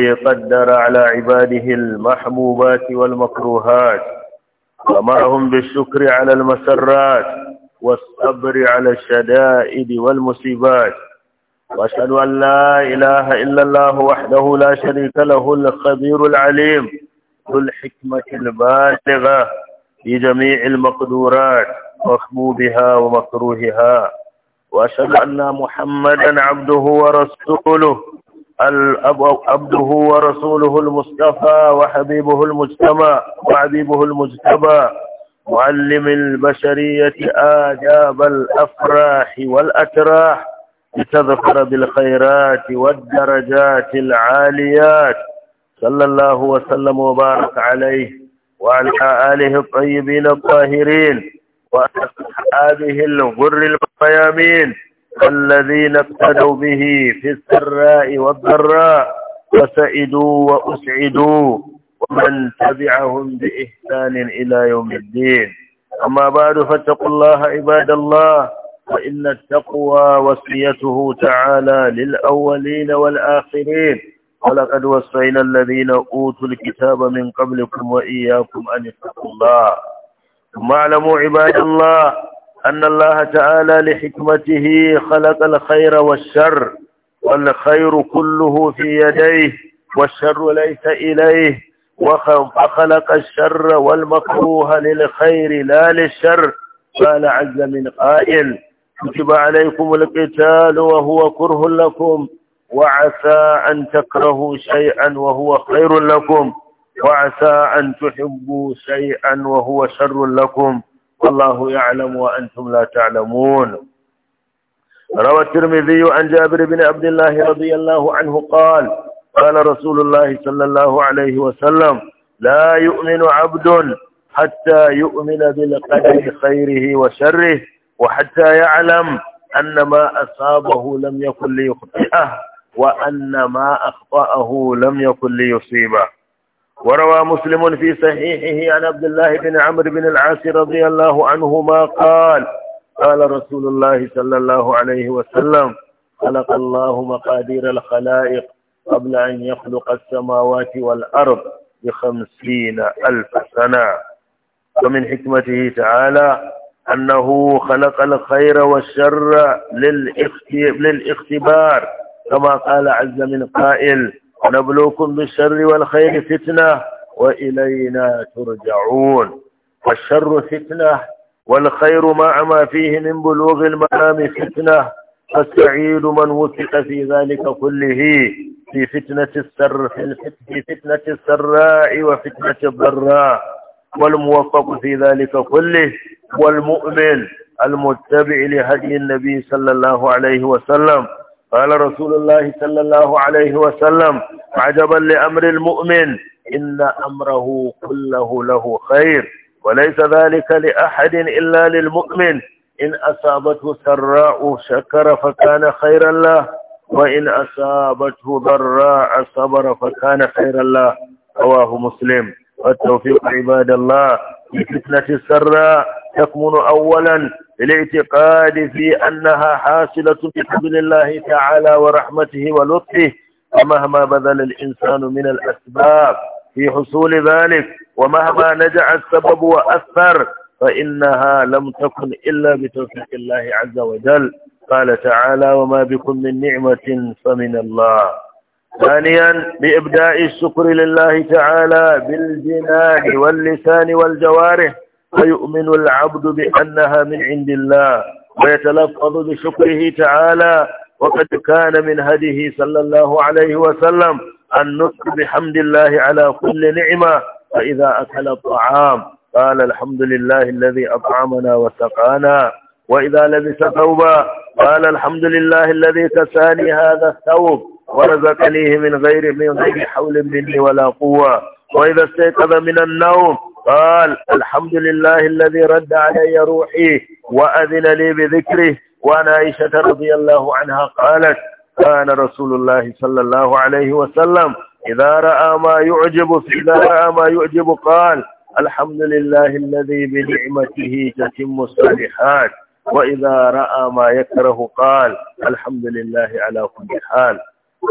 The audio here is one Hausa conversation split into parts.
الذي قدر على عباده المحبوبات والمكروهات وأمرهم بالشكر على المسرات والصبر على الشدائد والمصيبات وأشهد أن لا إله إلا الله وحده لا شريك له الخبير العليم ذو الحكمة البالغة في جميع المقدورات محبوبها ومكروهها وأشهد أن محمدا عبده ورسوله عبده ورسوله المصطفى وحبيبه المجتمع وعبيبه المجتبى معلم البشرية آجاب الأفراح والأتراح لتذكر بالخيرات والدرجات العاليات صلى الله وسلم وبارك عليه وعلى آله الطيبين الطاهرين وأصحابه الغر الميامين الذين اقتدوا به في السراء والضراء وسئدوا وأسعدوا ومن تبعهم بإحسان إلى يوم الدين أما بعد فاتقوا الله عباد الله فإن التقوى وصيته تعالى للأولين والآخرين ولقد وصينا الذين أوتوا الكتاب من قبلكم وإياكم أن اتقوا الله ثم اعلموا عباد الله أن الله تعالى لحكمته خلق الخير والشر والخير كله في يديه والشر ليس إليه وخلق الشر والمكروه للخير لا للشر قال عز من قائل كتب عليكم القتال وهو كره لكم وعسى أن تكرهوا شيئا وهو خير لكم وعسى أن تحبوا شيئا وهو شر لكم والله يعلم وأنتم لا تعلمون روى الترمذي عن جابر بن عبد الله رضي الله عنه قال قال رسول الله صلى الله عليه وسلم لا يؤمن عبد حتى يؤمن بالقدر خيره وشره وحتى يعلم أن ما أصابه لم يكن ليخطئه وأن ما أخطأه لم يكن ليصيبه وروى مسلم في صحيحه عن عبد الله بن عمرو بن العاص رضي الله عنهما قال قال رسول الله صلى الله عليه وسلم خلق الله مقادير الخلائق قبل أن يخلق السماوات والأرض بخمسين ألف سنة ومن حكمته تعالى أنه خلق الخير والشر للاختبار كما قال عز من قائل ونبلوكم بالشر والخير فتنة وإلينا ترجعون الشر فتنة والخير مع ما فيه من بلوغ المنام فتنة فاستعيد من وفق في ذلك كله في فتنة السر في فتنة السراء وفتنة الضراء والموفق في ذلك كله والمؤمن المتبع لهدي النبي صلى الله عليه وسلم قال رسول الله صلى الله عليه وسلم عجبا لأمر المؤمن إن أمره كله له خير وليس ذلك لأحد إلا للمؤمن إن أصابته سراء شكر فكان خيرا له وإن أصابته ضراء صبر فكان خيرا له رواه مسلم والتوفيق عباد الله الفتنة السراء تكمن أولا الاعتقاد في أنها حاصلة بفضل الله تعالى ورحمته ولطفه ومهما بذل الإنسان من الأسباب في حصول ذلك ومهما نجع السبب وأثر فإنها لم تكن إلا بتوفيق الله عز وجل قال تعالى وما بكم من نعمة فمن الله ثانيا بإبداء الشكر لله تعالى بالجنان واللسان والجوارح فيؤمن العبد بأنها من عند الله ويتلفظ بشكره تعالى وقد كان من هديه صلى الله عليه وسلم النطق بحمد الله على كل نعمة فإذا أكل الطعام قال الحمد لله الذي أطعمنا وسقانا وإذا لبس ثوبا قال الحمد لله الذي كساني هذا الثوب ورزقنيه من غير من غير حول مني ولا قوة وإذا استيقظ من النوم قال الحمد لله الذي رد علي روحي وأذن لي بذكره وأنا عائشة رضي الله عنها قالت كان رسول الله صلى الله عليه وسلم إذا رأى ما يعجب إذا رأى ما يعجب قال الحمد لله الذي بنعمته تتم الصالحات وإذا رأى ما يكره قال الحمد لله على كل حال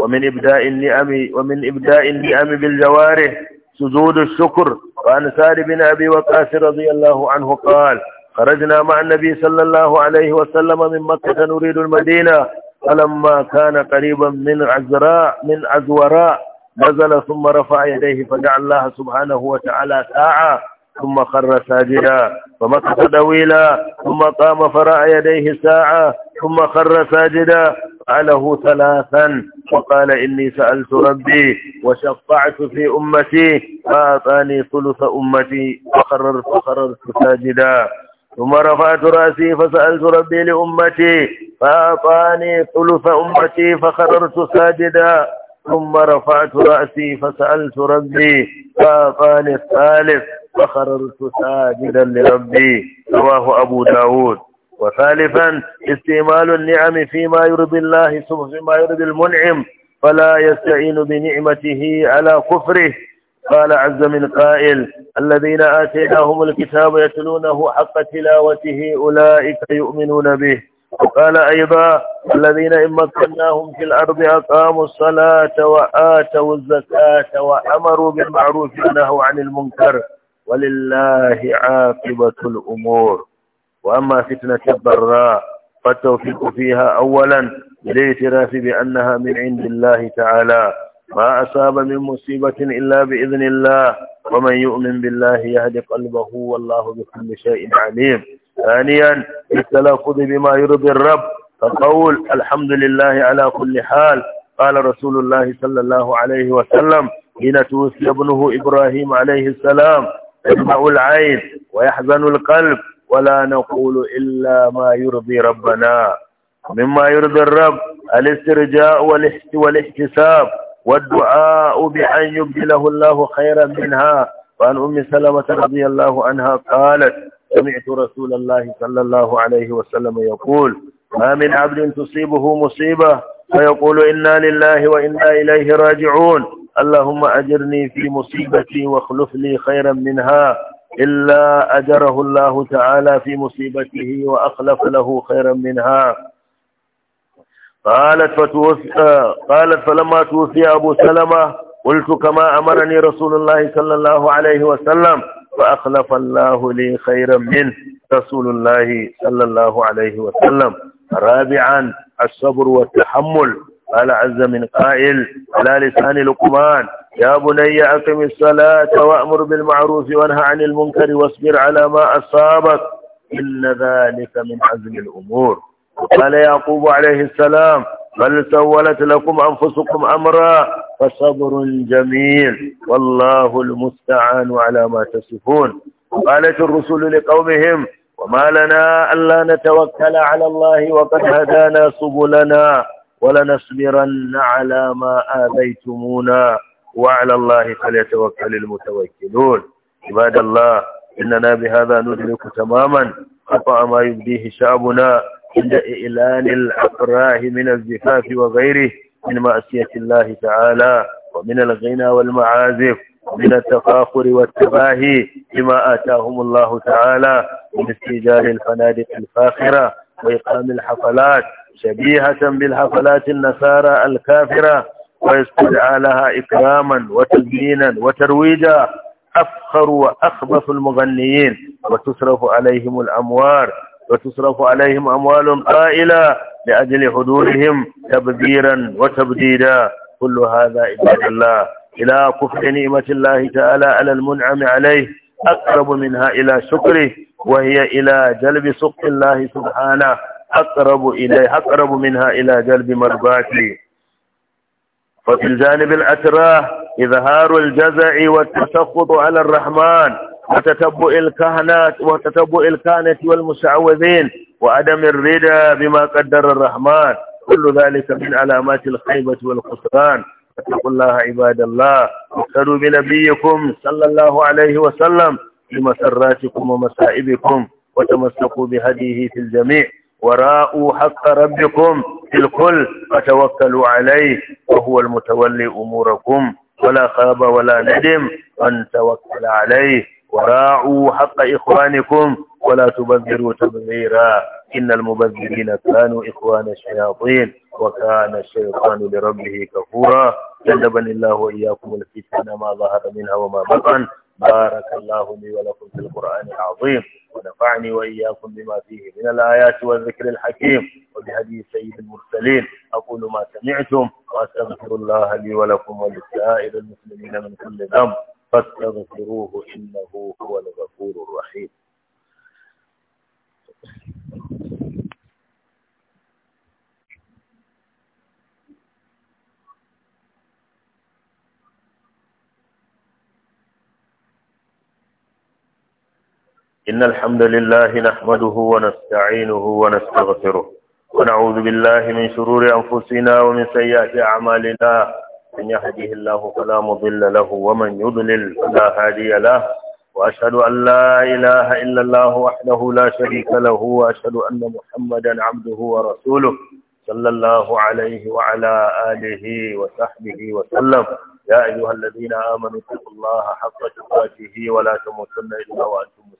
ومن إبداء النعم ومن إبداء النعم بالجوارح سجود الشكر وعن سار بن أبي وقاص رضي الله عنه قال خرجنا مع النبي صلى الله عليه وسلم من مكة نريد المدينة فلما كان قريبا من عزراء من عزوراء نزل ثم رفع يديه فدعا الله سبحانه وتعالى ساعة ثم خر ساجدا ومكث طويلا ثم قام فرأى يديه ساعة ثم خر ساجدا فعله ثلاثا وقال إني سألت ربي وشفعت في أمتي فأعطاني ثلث أمتي فخررت فخررت ساجدا ثم رفعت رأسي فسألت ربي لأمتي فأعطاني ثلث أمتي فخررت ساجدا ثم رفعت رأسي فسألت ربي فأعطاني الثالث فخررت ساجدا لربي رواه أبو داود وثالثا استعمال النعم فيما يرضي الله فيما يرضي المنعم فلا يستعين بنعمته على كفره قال عز من قائل الذين آتيناهم الكتاب يتلونه حق تلاوته أولئك يؤمنون به وقال أيضا الذين إن مكناهم في الأرض أقاموا الصلاة وآتوا الزكاة وأمروا بالمعروف ونهوا عن المنكر ولله عاقبة الأمور وأما فتنة البراء فالتوفيق فيها أولا بالاعتراف بأنها من عند الله تعالى ما أصاب من مصيبة إلا بإذن الله ومن يؤمن بالله يهد قلبه والله بكل شيء عليم ثانيا التلفظ بما يرضي الرب فقول الحمد لله على كل حال قال رسول الله صلى الله عليه وسلم حين توفي ابنه إبراهيم عليه السلام يسمع العين ويحزن القلب ولا نقول إلا ما يرضي ربنا مما يرضي الرب الاسترجاء والاحتساب والدعاء بأن يبدله الله خيرا منها وعن أم سلمة رضي الله عنها قالت سمعت رسول الله صلى الله عليه وسلم يقول ما من عبد تصيبه مصيبة فيقول إنا لله وإنا إليه راجعون اللهم أجرني في مصيبتي واخلف لي خيرا منها إلا أجره الله تعالى في مصيبته وأخلف له خيرا منها قالت, فتوفي قالت فلما توفي أبو سلمة قلت كما أمرني رسول الله صلى الله عليه وسلم فأخلف الله لي خيرا منه رسول الله صلى الله عليه وسلم رابعا الصبر والتحمل قال عز من قائل على لسان لقمان يا بني أقم الصلاة وأمر بالمعروف وانهى عن المنكر واصبر على ما أصابك إن ذلك من عزم الأمور قال يعقوب عليه السلام بل سولت لكم أنفسكم أمرا فصبر جميل والله المستعان على ما تصفون قالت الرسل لقومهم وما لنا ألا نتوكل على الله وقد هدانا سبلنا ولنصبرن على ما آذيتمونا وعلى الله فليتوكل المتوكلون عباد الله إننا بهذا ندرك تماما خطأ ما يبديه شعبنا عند إعلان الأفراح من الزفاف وغيره من مأسية الله تعالى ومن الغنى والمعازف ومن التفاخر والتباهي بما آتاهم الله تعالى من استيجار الفنادق الفاخرة وإقام الحفلات شبيهة بالحفلات النصارى الكافرة ويستدعى لها إكراما وتزيينا وترويجا أفخر وأخبث المغنيين وتصرف عليهم الأموال وتصرف عليهم أموال قائلة لأجل حضورهم تبذيرا وتبديدا كل هذا عباد الله إلى كفر نعمة الله تعالى على المنعم عليه أقرب منها إلى شكره وهي إلى جلب سخط الله سبحانه أقرب إليه أقرب منها إلى قلب مرضاتي وفي الجانب الأتراه إظهار الجزع والتسخط على الرحمن وتتبؤ الكهنة وتتبؤ الكهنة والمشعوذين وعدم الردى بما قدر الرحمن كل ذلك من علامات الخيبة والخسران اتقوا الله عباد الله اقتدوا بنبيكم صلى الله عليه وسلم لمسراتكم ومسائبكم وتمسكوا بهديه في الجميع ورأوا حق ربكم في الكل فتوكلوا عليه وهو المتولي أموركم ولا خاب ولا ندم أن توكل عليه وراعوا حق إخوانكم ولا تبذروا تبذيرا إن المبذرين كانوا إخوان الشياطين وكان الشيطان لربه كفورا جنبني الله وإياكم الفتن ما ظهر منها وما بطن بارك الله لي ولكم في القرآن العظيم ونفعني وإياكم بما فيه من الآيات والذكر الحكيم وبهدي سيد المرسلين أقول ما سمعتم وأستغفر الله لي ولكم ولسائر المسلمين من كل ذنب فاستغفروه إنه هو الغفور الرحيم إن الحمد لله نحمده ونستعينه ونستغفره ونعوذ بالله من شرور أنفسنا ومن سيئات أعمالنا من يهده الله فلا مضل له ومن يضلل فلا هادي له وأشهد أن لا إله إلا الله وحده لا شريك له وأشهد أن محمدا عبده ورسوله صلى الله عليه وعلى آله وصحبه وسلم يا أيها الذين آمنوا اتقوا الله حق تقاته ولا تموتن إلا وأنتم مسلمون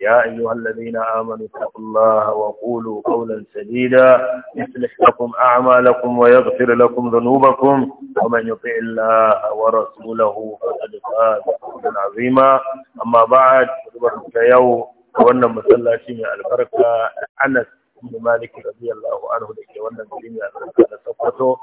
يا أيها الذين آمنوا اتقوا الله وقولوا قولا سديدا يصلح لكم أعمالكم ويغفر لكم ذنوبكم ومن يطع الله ورسوله فقد فاز فوزا عظيما أما بعد فبارك يوم وأن مسلاتي البركة أنس بن مالك رضي الله عنه لكي وأن مسلمي البركة سقطه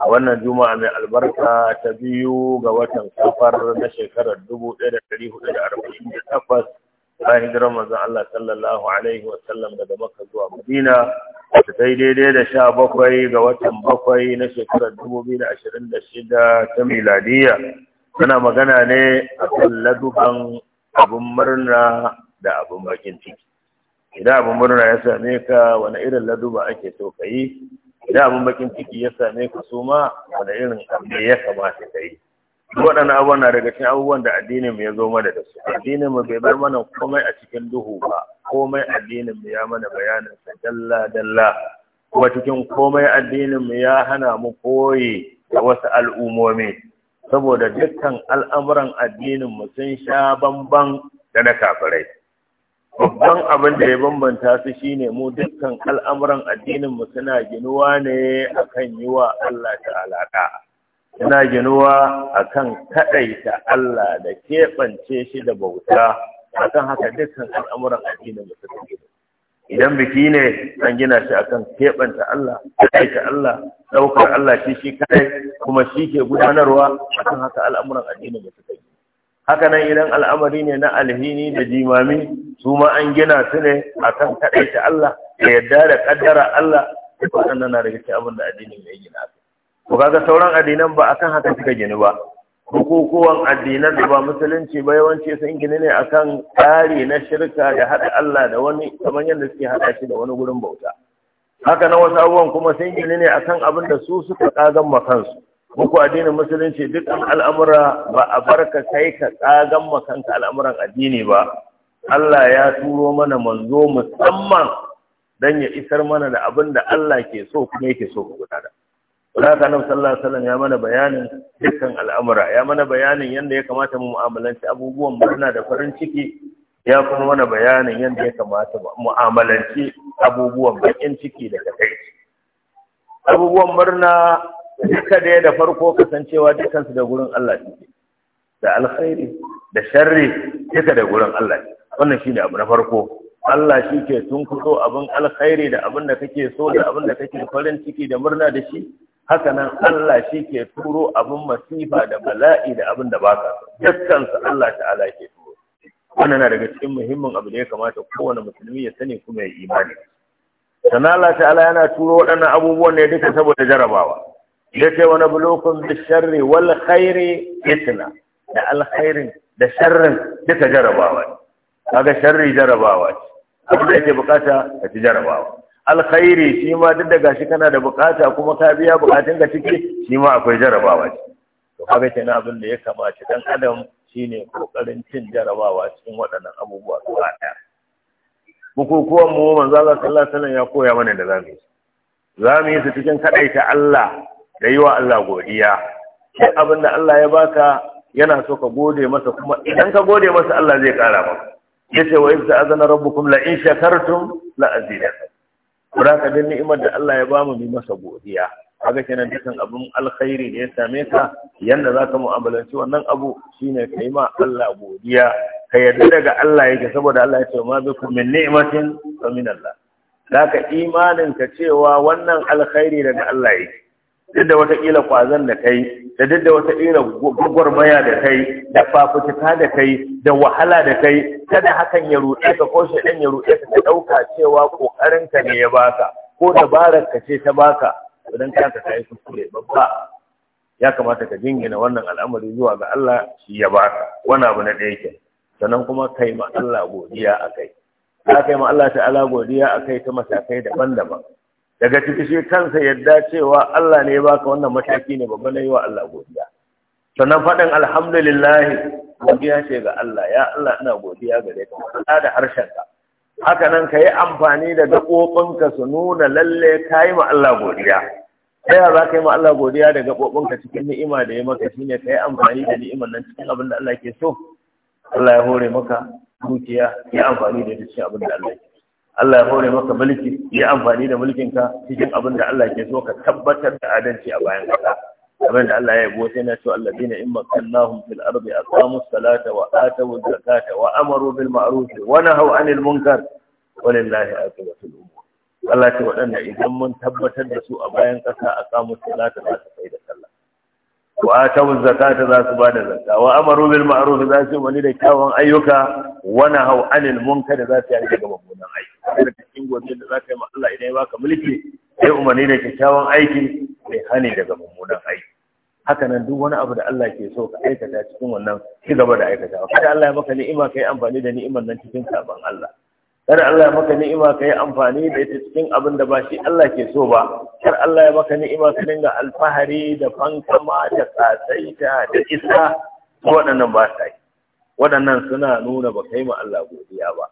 a wannan juma'a mai albarka ta biyu ga watan safar na shekarar 1448 bayan hijirar manzon Allah sallallahu alaihi wa sallam daga Makka zuwa Madina ta kai daidai da sha bakwai ga watan bakwai na shekarar dubu biyu da ashirin da shida ta miladiya tana magana ne a kan ladukan abin murna da abin bakin ciki idan abin murna ya same ka wani irin laduba ake so ka idan abin bakin ciki ya same ka su ma wani irin abu ya kamata ka yi waɗannan abubuwan na daga cikin abubuwan da addinin mu ya zo mana da su addinin mu bai bar mana komai a cikin duhu ba komai addinin mu ya mana bayanin sa dalla dalla kuma cikin komai addinin mu ya hana mu koyi da wasu al'umomi saboda dukkan al'amuran addinin mu sun sha bamban da na kafirai babban abin da ya bambanta su shine mu dukkan al'amuran addinin mu suna ginuwa ne akan yi wa Allah ta'ala da'a yana ginuwa akan kaɗaita Allah da keɓance shi da bauta akan haka dukkan al'amuran addinin suka gina idan biki ne an gina shi akan keɓanta Allah kaɗaita Allah ɗaukar Allah shi shi kaɗai kuma shi ke gudanarwa akan haka al'amuran addinin musulmi haka nan idan al'amari ne na alhini da jimami su ma an gina su ne akan kaɗaita Allah da yadda da ƙaddara Allah waɗannan na daga abin da addinin ya gina su ko kaga sauran addinan ba akan haka suka gini ba hukukuwan addinan da ba musulunci ba yawanci sun gini ne akan tsari na shirka da haɗa Allah da wani kamar yadda suke haɗa shi da wani gurin bauta haka na wasu abubuwan kuma sun gini ne akan abin da su suka kagan ma kansu muku addinin musulunci dukkan al'amura ba a barka kai ka kagan ma kanka al'amuran addini ba Allah ya turo mana manzo musamman dan ya isar mana da abin da Allah ke so kuma yake so ku gudanar Raka na sallallahu alaihi ya mana bayanin dukkan al'amura, ya mana bayanin yadda ya kamata mu'amalanci abubuwan murna da farin ciki, ya kuma mana bayanin yadda ya kamata mu'amalanci abubuwan bakin ciki da takaici. Abubuwan murna duka da da farko kasancewa dukansu da gurin Allah ciki, da alkhairi, da sharri duka da gurin Allah. Wannan shi ne abu na farko. Allah shi ke kuso abin alkhairi da abin da kake so da abin da kake farin ciki da murna da shi Haka nan, Allah shi ke turo abin masifa da bala'i da abin da baka dukkansa Allah ta'ala ke turo wannan na daga cikin muhimmin abu da ya kamata kowane musulmi ya sani kuma ya yi imani sana Allah ta'ala yana turo waɗannan abubuwan ne duka saboda jarabawa ya ce wani bulokun da sharri wal khairi fitna da alkhairin da sharrin duka jarabawa ne kaga sharri jarabawa ce abin da yake bukata ka ci jarabawa alkhairi shi ma duk da gashi kana da bukata kuma ka biya bukatun ka ciki shi ma akwai jarabawa ce to kaga kenan abin da ya kamata, dan adam shine kokarin cin jarabawa cikin waɗannan abubuwa gaba ɗaya bukukuwan mu manzo Allah sallallahu alaihi wasallam ya koya mana da zamu yi zamu yi su cikin kadaita Allah da yi wa Allah godiya shi abin da Allah ya baka yana so ka gode masa kuma idan ka gode masa Allah zai kara maka yace wa idza azana rabbukum la in shakartum la azidakum Kura ka ni'imar da Allah ya bamu mu masa godiya. Haka kenan dukan abin alkhairi da ya same ka yanda za ka mu'amalanci wannan abu shine kai ma Allah godiya. Ka yarda daga Allah yake saboda Allah ya ce ma bikum min ni'matin fa min Allah. Zaka imanin ka cewa wannan alkhairi daga Allah yake. Duk da watakila kwazan da kai da duk da wata irin gwagwarmaya da kai da fafutuka da kai da wahala da kai kada hakan ya ruɗe ka ko shaidan ya ruɗe ka ɗauka cewa ƙoƙarinka ne ya baka ko dabarar ka ce ta baka idan ka ka yi kuskure babba ya kamata ka jingina wannan al'amari zuwa ga Allah shi ya baka wani abu na ɗaya sannan kuma kai ma Allah godiya a kai ka yi ma Allah ta'ala godiya akai ta matakai daban-daban daga cikin shi kansa yadda cewa Allah ne ya baka wannan mataki ne babban yi wa Allah godiya sannan faɗin alhamdulillah godiya ce ga Allah ya Allah ina godiya gare ka faɗa da harshenka haka nan ka yi amfani da gaɓoɓinka su nuna lalle ka yi ma Allah godiya ta yaya za ka yi ma Allah godiya da gaɓoɓinka cikin ni'ima da ya maka shine ka yi amfani da ni'imar nan cikin abin da Allah ke so Allah ya hore maka dukiya ya amfani da ita cikin abin da Allah ke Allah ya hore maka mulki yi amfani da mulkin ka cikin abin da Allah ke so ka tabbatar da adalci a bayan kasa abin da Allah ya yabo sai na ce allazina in makannahum fil ardi aqamu salata wa atu zakata wa amaru bil ma'ruf wa nahaw anil munkar walillahi aqibatul umur Allah ce waɗanda idan mun tabbatar da su a bayan kasa aqamu salata za ta kai da sallah wa atawuz zakata za su bada zakka wa amaru bil ma'ruf za su wani da kyawun ayyuka wa nahaw anil munkar za su yi daga mummunan aiki da cikin gobe da za ka yi ma Allah idan ya baka mulki sai umarni da kyakkyawan aiki sai hani daga mummunan aiki haka nan duk wani abu da Allah ke so ka aikata cikin wannan ci gaba da aikata kada Allah ya maka ni'ima kai amfani da ni'imar nan cikin sabon Allah kar Allah ya maka ni'ima ka yi amfani da ita cikin abin da ba shi Allah ke so ba kar Allah ya maka ni'ima ka dinga alfahari da fankama da tsatsai da isa waɗannan ba sa yi waɗannan suna nuna ba kai ma Allah godiya ba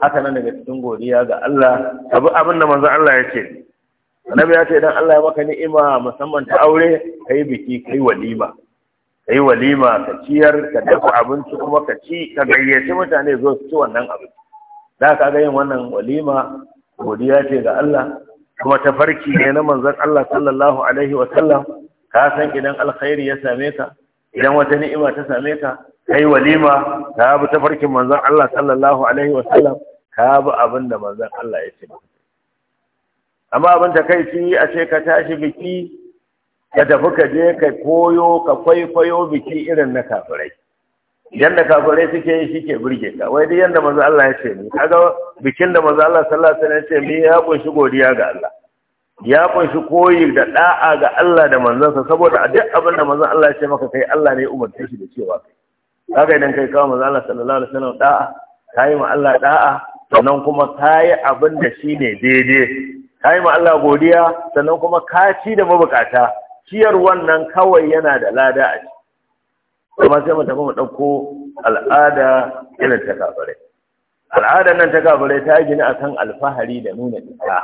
haka nan daga cikin godiya ga Allah abu abin da manzon Allah ya ce annabi ya ce idan Allah ya maka ni'ima musamman ta aure kai biki kai walima kai walima ka ciyar ka dafa abinci kuma ka ci ka gayyaci mutane zo su ci wannan abinci da ka ga yin wannan walima godiya ce ga Allah kuma tafarki ne na manzon Allah sallallahu alaihi wa sallam ka san idan alkhairi ya same ka idan wata ni'ima ta same ka kai walima ka bi tafarkin manzon Allah sallallahu alaihi wa sallam ka bi abin da manzon Allah ya ce amma abin da kai ci a ce ka tashi biki ka tafi ka je ka koyo ka kwaikwayo biki irin na kafirai yanda kafirai suke yi shike burge ka wai duk yanda manzo Allah ya ce ni kaga bikin da manzo Allah sallallahu alaihi wasallam ya ce ni ya kunshi godiya ga Allah ya kunshi koyi da da'a ga Allah da manzansa saboda duk abin da manzo Allah ya ce maka kai Allah ne umarce shi da cewa kai kaga idan kai kawo manzo Allah sallallahu alaihi wasallam da'a kai ma Allah da'a sannan kuma kai abin da shi ne daidai kai ma Allah godiya sannan kuma ka ci da mabukata ciyar wannan kawai yana da lada a kuma sai mu tafi mu ɗauko al'ada irin ta kafirai al'adar nan ta kafirai ta gina akan alfahari da nuna isa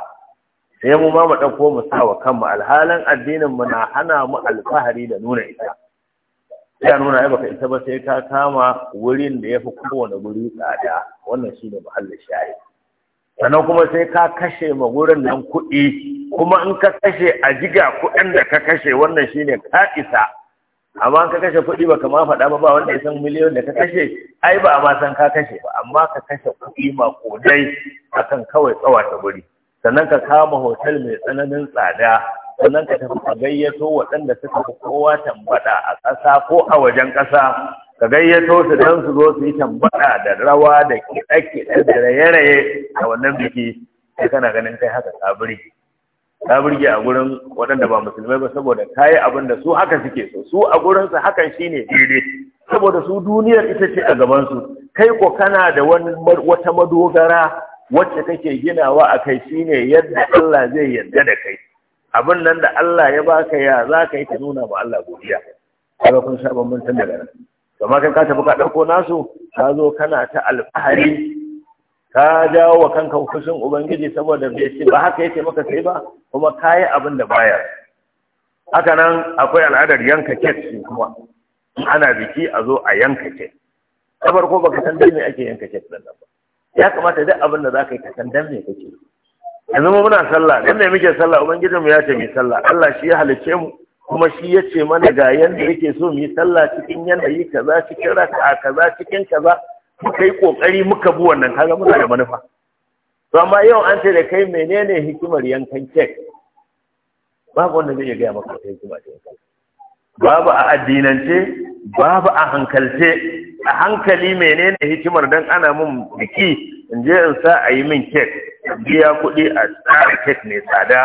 sai mu ma mu ɗauko mu sa wa kanmu alhalan addinin mu na hana mu alfahari da nuna isa ya nuna ai baka isa ba sai ka kama wurin da ya fi kowane guri tsada wannan shi ne muhallin shayi sannan kuma sai ka kashe ma wurin nan kuɗi kuma in ka kashe a jiga kuɗin da ka kashe wannan shi ne ka isa amma ka kashe kuɗi ba kama faɗa ba ba wanda ya san miliyon da ka kashe ai ba a ma san ka kashe ba amma ka kashe kuɗi ma kodai akan kawai tsawata guri sannan ka kama hotel mai tsananin tsada sannan ka tafi ka gayyato waɗanda suka fi kowa tambada a ƙasa ko a wajen ƙasa ka gayyato su don su zo su yi tambada da rawa da kiɗe-kiɗe da raye-raye a wannan biki sai kana ganin kai haka tsabiri ta burge a gurin waɗanda ba musulmai ba saboda ta yi abin da su haka suke so su a gurinsu hakan shine daidai saboda su duniyar ita ce a gabansu kai ko kana da wani wata madogara wacce kake ginawa a kai shine yadda Allah zai yarda da kai abin nan da Allah ya baka ya za ka yi ta nuna ma Allah godiya kaga kun sha bambantan daga nan amma kai ka tafi ka ɗauko nasu ka zo kana ta alfahari ka jawo wa kanka fushin ubangiji saboda bai ce ba haka yake maka sai ba kuma kayi abin da baya haka nan akwai al'adar yanka kek shi kuma ana biki a zo a yanka kek ta farko ka san dai me ake yanka kek din nan ba ya kamata duk abin da ka yi ka san dan me kake yanzu mu muna sallah dan me muke sallah ubangijin mu ya ce mu sallah Allah shi ya halice mu kuma shi ya ce mana ga yanda yake so mu yi sallah cikin yanayi kaza cikin raka'a kaza cikin kaza muka yi kokari muka bi wannan kaga muna da manufa to amma yau an ce da kai menene hikimar yankan kek babu wanda zai gaya maka wata hikima ta yankan babu a addinance babu a hankalce a hankali menene hikimar dan ana mun biki in je in sa a yi min kek biya kuɗi a tsara kek mai tsada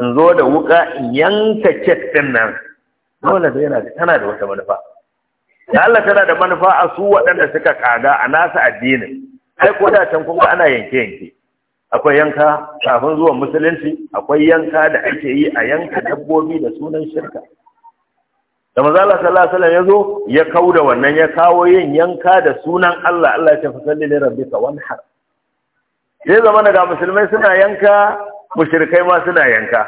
in zo da wuka in yanka kek ɗin nan dole da yana tana da wata manufa da Allah tana da manufa a su waɗanda suka kaga a nasa addinin Sai ko da can kuma ana yanke yanke akwai yanka kafin zuwan musulunci akwai yanka da ake yi a yanka dabbobi da sunan shirka da manzo Allah sallallahu alaihi wasallam yazo ya kauda wannan ya kawo yin yanka da sunan Allah Allah ya fasalli li rabbika wanhar sai zama ga musulmai suna yanka mushrikai ma suna yanka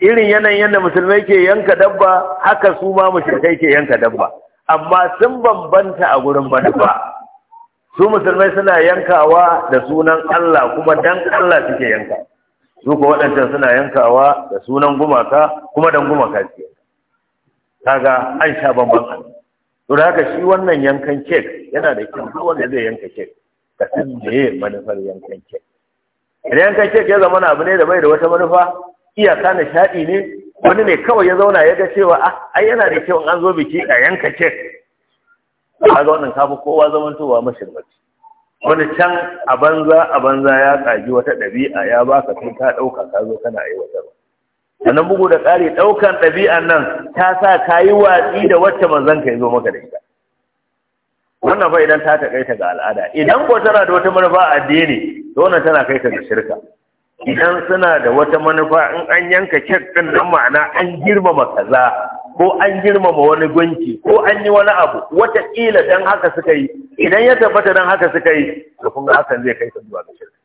irin yanayin yadda musulmai ke yanka dabba haka su ma mushrikai ke yanka dabba amma sun bambanta a gurin manufa su musulmai suna yankawa da sunan Allah kuma dan Allah suke yanka su ko waɗancan suna yankawa da sunan gumaka kuma dan gumaka suke kaga an sha bamban an to da haka shi wannan yankan kek yana da kyau duk wanda zai yanka kek ka san meye manufar yankan kek idan yankan kek ya zama abu ne da bai da wata manufa iyaka shaɗi ne wani ne kawai ya zauna ya ga cewa ah ai yana da kyau an zo biki a yanka a ga wannan kafi kowa zaman zamantowa mashirmaci wani can a banza a banza ya tsagi wata ɗabi'a ya ka kai ka ɗauka ka zo kana aiwatarwa sannan bugu da ƙari ɗaukan ɗabi'an nan ta sa ka yi watsi da wacce manzon ka kai zo maka da ita wannan fa idan ta taƙaita ga al'ada idan ko tana da wata manufa addini to wannan tana kai ka ga shirka idan suna da wata manufa in an yanka kek ɗin nan ma'ana an girmama kaza ko an girmama wani gunki ko an yi wani abu wataƙila don haka suka yi idan ya tabbata don haka suka yi to kun ga hakan zai kai ka zuwa ga shirka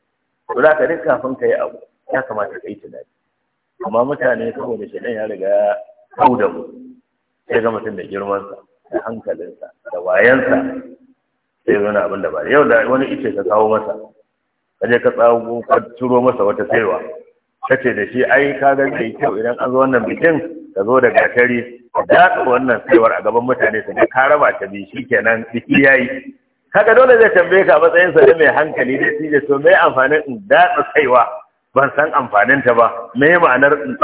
to za ka duk kafin ka yi abu ya kamata ka yi tunani amma mutane saboda shaidan ya riga ya kau da mu sai ga mutum da girmansa da hankalinsa da wayansa sai zo abin da ba yau da wani ice ka kawo masa ka je ka tsago ka turo masa wata saiwa Ka ce da shi ai ka ga kai kyau idan an zo wannan bikin ka zo da gatari ka wannan saiwar a gaban mutane sai ka raba ta bi shi kenan biki yayi kaga dole zai tambaye ka matsayin sa mai hankali da shi da to mai amfanin in datsa saiwa ban san amfanin ta ba Mai ma'anar in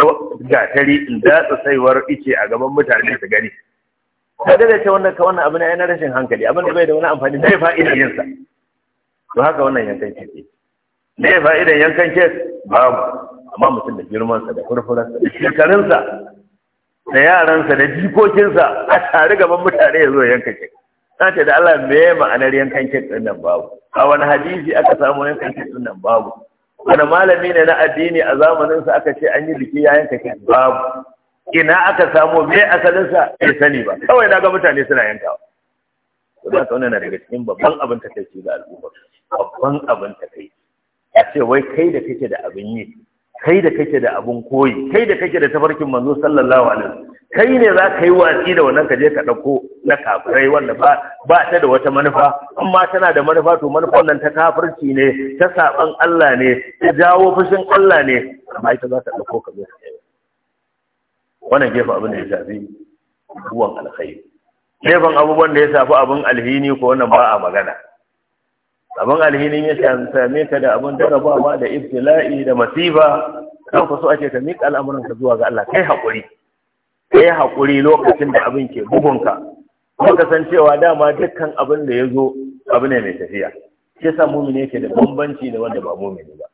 gatari in datsa saiwar ice a gaban mutane su gani kaga zai ce wannan ka wannan abu ne na rashin hankali abin da bai da wani amfani bai fa'idar yin sa to haka wannan yankan ce me fa'idan yankan ke babu amma mutum da girmansa da sa da shekarunsa da yaransa da jikokinsa a tare gaban mutane ya zo yankan kes na ce da Allah me ma'anar yankan ke ɗin nan babu a wani hadisi aka samu yankan ke ɗin nan babu wani malami ne na addini a zamaninsa aka ce an yi biki ya yanka babu ina aka samu me asalinsa ya sani ba kawai na ga mutane suna yankawa to da wannan na daga cikin babban abin takaici ga al'umma babban abin takaici a ce wai kai da kake da abin yi kai da kake da abin koyi kai da kake da tafarkin manzo sallallahu alaihi wasallam kai ne za ka yi watsi da wannan ka je ka dauko na kafirai wanda ba ba ta da wata manufa amma tana da manufa to manufan nan ta kafirci ne ta saban Allah ne ta jawo fushin Allah ne amma ita za ta dauko ka zo wannan gefe abin da ya shafi ruwan alkhairi gefen abubuwan da ya shafi abin alhini ko wannan ba a magana abin alhinin ya same ka da abin jarabawa da ibtila'i da masifa kan ka so ake ka miƙa al'amuranka zuwa ga Allah kai haƙuri kai haƙuri lokacin da abin ke bugunka kuma ka san cewa dama dukkan abin da ya zo abu ne mai tafiya shi yasa mumini yake da bambanci da wanda ba mumini ba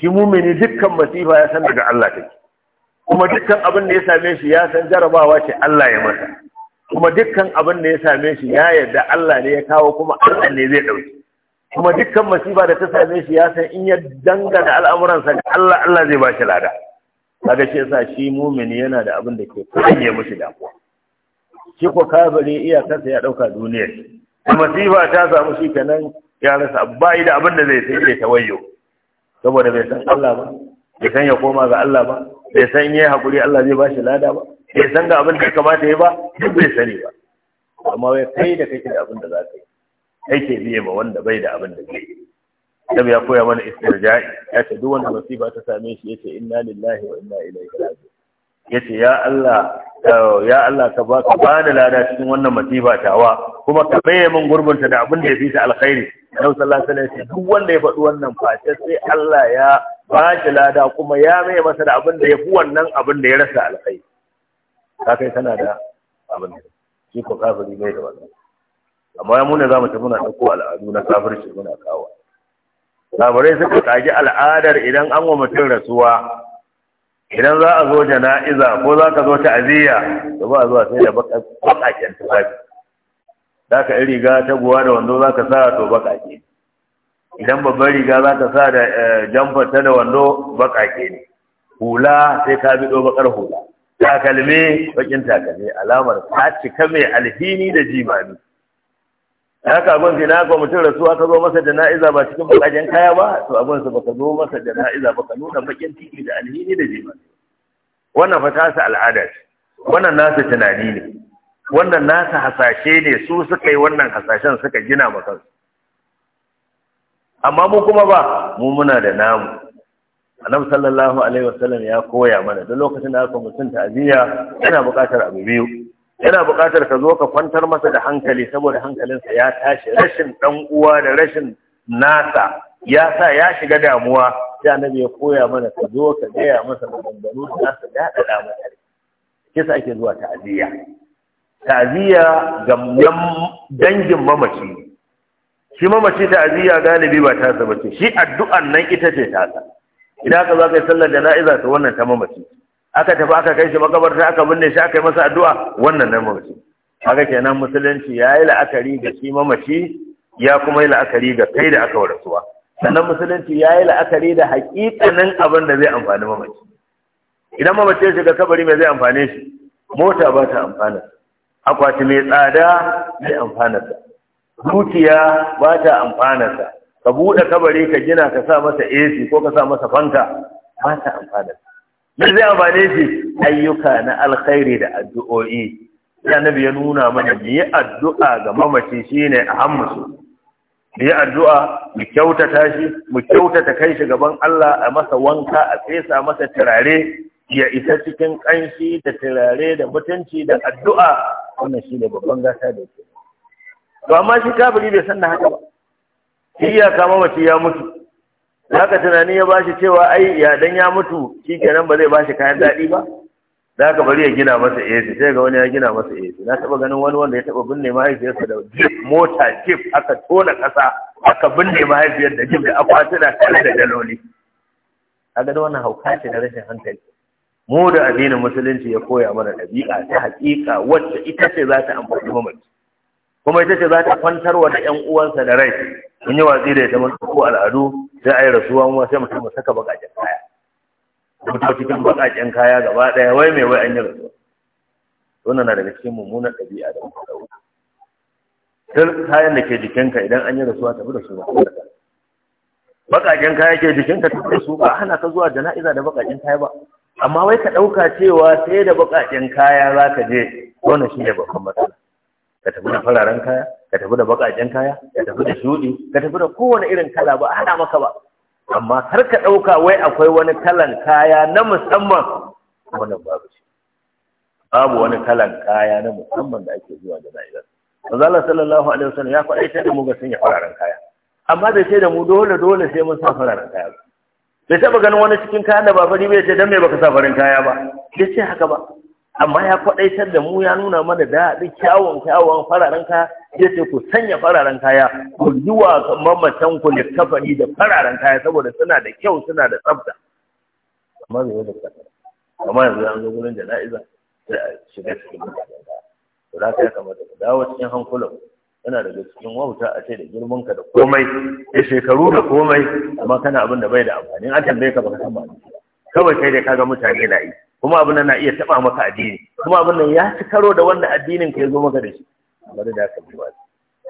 shi mumini dukkan masifa ya san daga Allah take kuma dukkan abin da ya same shi ya san jarabawa ce Allah ya masa kuma dukkan abin da ya same shi ya yarda Allah ne ya kawo kuma Allah ne zai ɗauki kuma dukkan masifa da ta same shi ya san in ya dangana al'amuransa ga Allah Allah zai ba shi lada kaga shi yasa shi mumini yana da abin da ke kanye mishi damuwa shi ko kafiri kasa ya dauka duniyar masifa ta samu shi kenan ya rasa bai da abin da zai sai ya tawayyo saboda bai san Allah ba bai san ya koma ga Allah ba bai san yayi hakuri Allah zai ba shi lada ba bai san ga abin da kamata yi ba duk bai sani ba amma wai kai da kake da abin da za ka yi ke biye ma wanda bai da abin da ke. Sabu ya koya mana istirja'i ya ce duk wanda musiba ta same shi yace inna lillahi wa inna ilaihi raji'un yace ya Allah eh, ya Allah ka ba ka bani lada cikin wannan masifa wa kuma ka bayyana min gurbinta da abin da ya fi ta alkhairi Annabi sallallahu alaihi wasallam duk wanda ya faɗi wannan fata sai Allah ya ba shi lada kuma ya mai masa da abin da ya fi wannan abin da ya rasa alkhairi ka kai kana da abin da shi ko kafiri bai da wannan amma ya muna za mu muna ɗauko al'adu na kafirci muna kawo labarai suka kaji al'adar idan an wa mutum rasuwa idan za a zo jana'iza ko za ka zo ta aziya, da ba a zuwa sai da baƙaƙen tufafi za ka yi riga ta guwa da wando za ka sa to baƙaƙe idan babban riga za ka sa da eh, jamfa ta da wando baƙaƙe ne hula sai ka biɗo bakar hula takalmi baƙin takalmi alamar ta cika mai alhini da jimami. haka abin zina ga mutum rasuwa ka zo masa jana'iza ba cikin bakajen kaya ba to abin su baka zo masa jana'iza ba ka nuna bakin tiki da alhini da jima wannan fa tasa al'ada ce wannan nasa tunani ne wannan nasa hasashe ne su suka yi wannan hasashen suka gina maka amma mu kuma ba mu muna da namu annabi sallallahu alaihi wasallam ya koya mana duk lokacin da aka mutunta aziya yana buƙatar abu biyu yana buƙatar ka zo ka kwantar masa da hankali saboda hankalinsa ya tashi rashin ɗan uwa da rashin nasa ya sa ya shiga damuwa sai annabi ya koya mana ka zo ka gaya masa maganganu da nasa ya daɗa masa kisa ake zuwa ta'aziyya ta'aziyya ga dangin mamaci shi mamaci ta'aziyya galibi ba ta saba ce shi addu'an nan ita ce ta idan ka za ka yi sallar jana'iza ta wannan ta mamaci aka tafi aka kai shi makabarta aka binne shi aka yi masa addu'a wannan na mamaci haka kenan musulunci ya yi la'akari ga shi mamaci ya kuma yi la'akari ga kai da aka warasuwa sannan musulunci ya yi la'akari da hakikanin abin da zai amfani mamaci idan mamaci ya shiga kabari mai zai amfane shi mota ba ta amfana akwati mai tsada zai amfana sa dukiya ba ta amfana sa ka buɗe kabari ka gina ka sa masa AC ko ka sa masa fanka ba ta amfana sa me zai amfane shi ayyuka na alkhairi da addu'o'i annabi ya nuna mana mu yi addu'a ga mamaci shine ahammu mu yi addu'a mu kyautata shi mu kyautata kai shi gaban Allah a masa wanka a fesa masa turare ya isa cikin ƙanshi da turare da mutunci da addu'a wannan ne babban gasa da ke. to amma shi kafiri bai san da haka ba shi mamaci kama mace ya mutu Da haka tunani ya bashi cewa ai ya dan ya mutu shikenan ba zai bashi kayan daɗi ba da haka bari ya gina masa AC sai ga wani ya gina masa AC na taba ganin wani wanda ya taba binne mahaifiyarsa da jeep mota jeep aka tona kasa aka binne mahaifiyar da jeep da akwatuna tare da daloli kaga da wannan hauka ce na rashin hankali mu da addinin musulunci ya koya mana ɗabi'a ta haƙiƙa wacce ita ce za ta amfani mu kuma ita ce za ta kwantarwa da ƴan uwansa da rai mun yi watsi da ita mun ko al'adu sai a yi rasuwa mu sai mutum saka bakaken kaya ta cikin bakaken kaya gaba ɗaya wai mai wai an yi rasuwa wannan na daga cikin mummunan ɗabi'a da muka ɗauka sir kayan da ke jikinka idan an yi rasuwa tafi da su ba bakaken kaya ke jikinka tafi da su ba hana ka zuwa jana'iza da bakaken kaya ba amma wai ka ɗauka cewa sai da bakaken kaya za ka je wannan shi ne babban matsala ka tafi da fararen kaya ka tafi da bakaken kaya ka tafi da shudi ka tafi da kowane irin kala ba a hada maka ba amma kar ka ɗauka wai akwai wani kalan kaya na musamman wannan babu shi babu wani kalan kaya na musamman da ake zuwa da na'ira. manzo sallallahu alaihi wasallam ya faɗa ita da mu ga sanya fararen kaya amma bai ce da mu dole dole sai mun sa fararen kaya ba bai taɓa ganin wani cikin kayan da ba fari bai ce dan me baka sa farin kaya ba bai ce haka ba amma ya kwaɗaitar da mu ya nuna mana daɗi kyawun kyawun fararen kaya ya ce ku sanya fararen kaya ku zuwa wa mamacin ku kafani da fararen kaya saboda suna da kyau suna da tsafta amma zai wata kasa amma yanzu an zo gurin jana'iza sai a shiga cikin mutane da to za ka ya kamata ku dawo cikin hankulan yana daga cikin wauta a ce da girman ka da komai da shekaru da komai amma kana abin da bai da amfani an tambaye ka baka san ba kawai sai dai kaga mutane na yi kuma abin nan na iya taba maka addini kuma abin nan ya ci karo da wanda addinin ka ya zo maka da shi bari da ka ji wani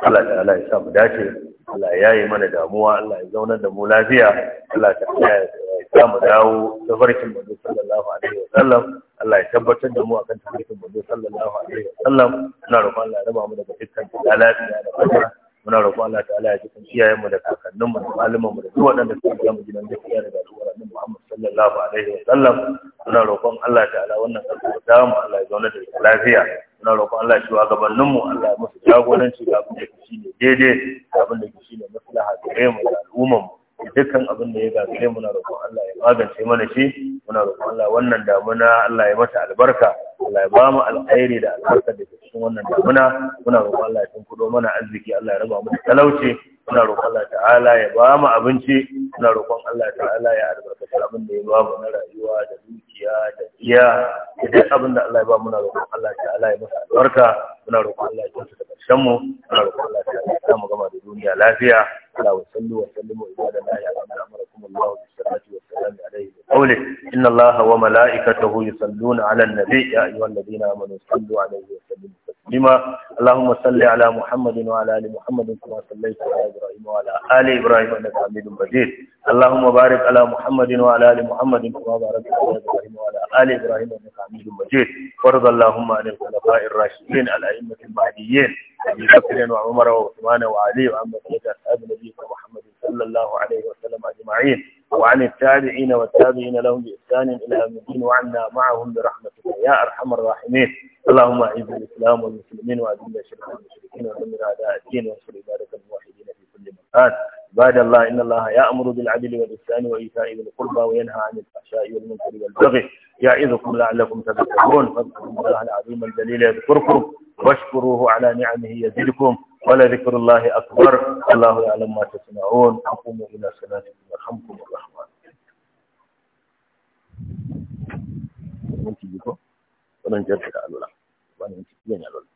Allah ta'ala ya sa mu dace Allah ya yi mana damuwa Allah ya zaunar da mu lafiya Allah ta'ala ya sa mu dawo tafarkin manzo sallallahu alaihi wa sallam Allah ya tabbatar da mu akan tafarkin manzo sallallahu alaihi wa sallam Muna roƙon Allah ya raba mu daga dukkan lafiya da fata muna roƙon Allah ta'ala ya cikin iyayenmu da mu da malamanmu da duk waɗanda suka ga mu gidan gaskiya da al'ummar Muhammad sallallahu alaihi wa sallam muna roƙon Allah ta'ala wannan ƙarfi da mu Allah ya zauna da lafiya muna roƙon Allah shi wa gabanin mu Allah ya musu jagoranci ga abin da shi ne daidai ga abin da shi ne maslaha gare mu da al'umma mu dukkan abin da ya gagare muna roƙon Allah ya magance mana shi muna roƙon Allah wannan damuna Allah ya mata albarka Allah ya ba mu alkhairi da albarka da cikin wannan damuna muna roƙon Allah ya tunkudo mana arziki Allah ya raba mu da talauci muna roƙon Allah ta'ala ya ba mu abinci muna roƙon Allah ta'ala ya albarkaci abin da ya ba mu na rayuwa da dukiya da duk abin da Allah ya ba muna roƙon Allah ta'ala ya masa albarka muna roƙon Allah ya kyautu da ƙarshen mu muna roƙon Allah ta ya samu gama da duniya lafiya Allah wa sallu wa sallimu ibada Allah ya amara amarakum Allah bi salati wa salam alayhi wa qawli inna Allah wa malaikatahu yusalluna ala an-nabi ya ayyuhalladhina amanu sallu alayhi wa sallimu taslima اللهم صل على محمد وعلى ال محمد كما صليت على ابراهيم وعلى ال ابراهيم انك حميد مجيد اللهم بارك على محمد وعلى ال محمد كما باركت على ابراهيم وعلى ال ابراهيم انك حميد مجيد وارض اللهم عن الخلفاء الراشدين الائمه المهديين ابي بكر وعمر وعثمان وعلي وعمن بقيه اصحاب نبيك محمد صلى الله عليه وسلم اجمعين وعن التابعين والتابعين لهم باحسان الى يوم الدين وعنا معهم برحمتك يا ارحم الراحمين اللهم أعز الإسلام والمسلمين وأذل الشرك والمشركين ودمر أعداء الدين وانصر عبادك الموحدين في كل مكان عباد الله إن الله يأمر بالعدل والإحسان وإيتاء ذي القربى وينهى عن الفحشاء والمنكر والبغي يعظكم لعلكم تذكرون فاذكروا الله العظيم الجليل يذكركم واشكروه على نعمه يزدكم ولذكر الله أكبر الله يعلم ما تصنعون قوموا إلى صلاتكم يرحمكم الرحمن Thank you. wannan الله ìfọ̀nìyàn ti gbìyànjú lọ́la.